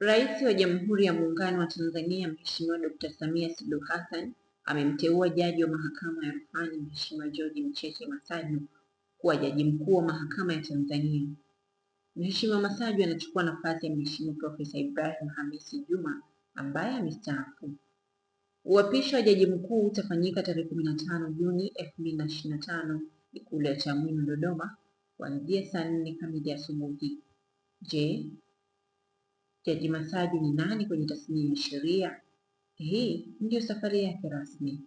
Rais wa Jamhuri ya Muungano wa Tanzania Mheshimiwa Dr. Samia Suluhu Hassan amemteua jaji wa Mahakama ya Rufani Mheshimiwa George Mcheche Masaju kuwa jaji mkuu wa Mahakama ya Tanzania. Mheshimiwa Masaju anachukua nafasi ya Mheshimiwa Profesa Ibrahim Hamisi Juma ambaye amestaafu. Uapisho wa jaji mkuu utafanyika tarehe 15 Juni 2025 Ikulu ya Chamwino, Dodoma kuanzia saa nne kamili asubuhi. Je, Jaji Mathaji ni nani kwenye tasnia ya sheria? Hii ndiyo safari yake rasmi.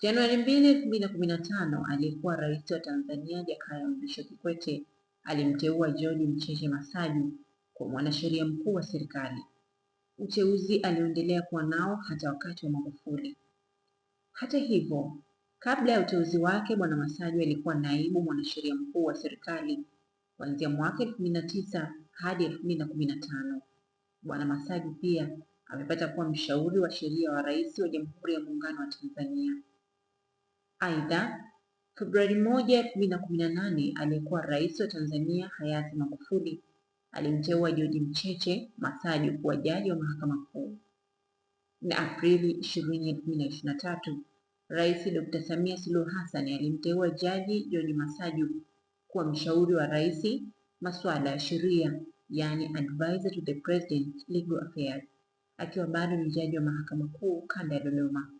Januari 2, 2015, aliyekuwa rais wa Tanzania Jakaya Mrisho Kikwete alimteua John Mcheche Masaju kwa mwanasheria mkuu wa serikali. Uteuzi alioendelea kuwa nao hata wakati wa Magufuli. Hata hivyo, kabla ya uteuzi wake, Bwana Masaju alikuwa naibu mwanasheria mkuu wa serikali kuanzia mwaka elfu hadi 2015. Bwana Masaju pia amepata kuwa mshauri wa sheria wa rais wa Jamhuri ya Muungano wa Tanzania. Aidha, Februari 1, 2018 aliyekuwa rais wa Tanzania hayati Magufuli alimteua George Mcheche Masaju kuwa jaji wa Mahakama Kuu. Na Aprili ishirini Rais Dr. Samia Suluhu Hassan alimteua Jaji George Masaju kuwa mshauri wa rais masuala ya sheria, yaani advisor to the president legal affairs, akiwa bado ni jaji wa mahakama kuu kanda ya Dodoma.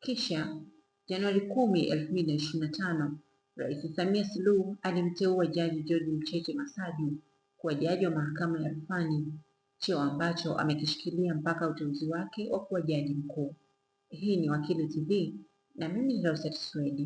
Kisha Januari 10, 2025 Rais Samia Suluhu alimteua Jaji George Mcheche Masaju kuwa jaji wa mahakama ya rufani, cheo ambacho amekishikilia mpaka uteuzi wake wa kuwa jaji mkuu. Hii ni Wakili TV na mimi ni Rosette Swedi.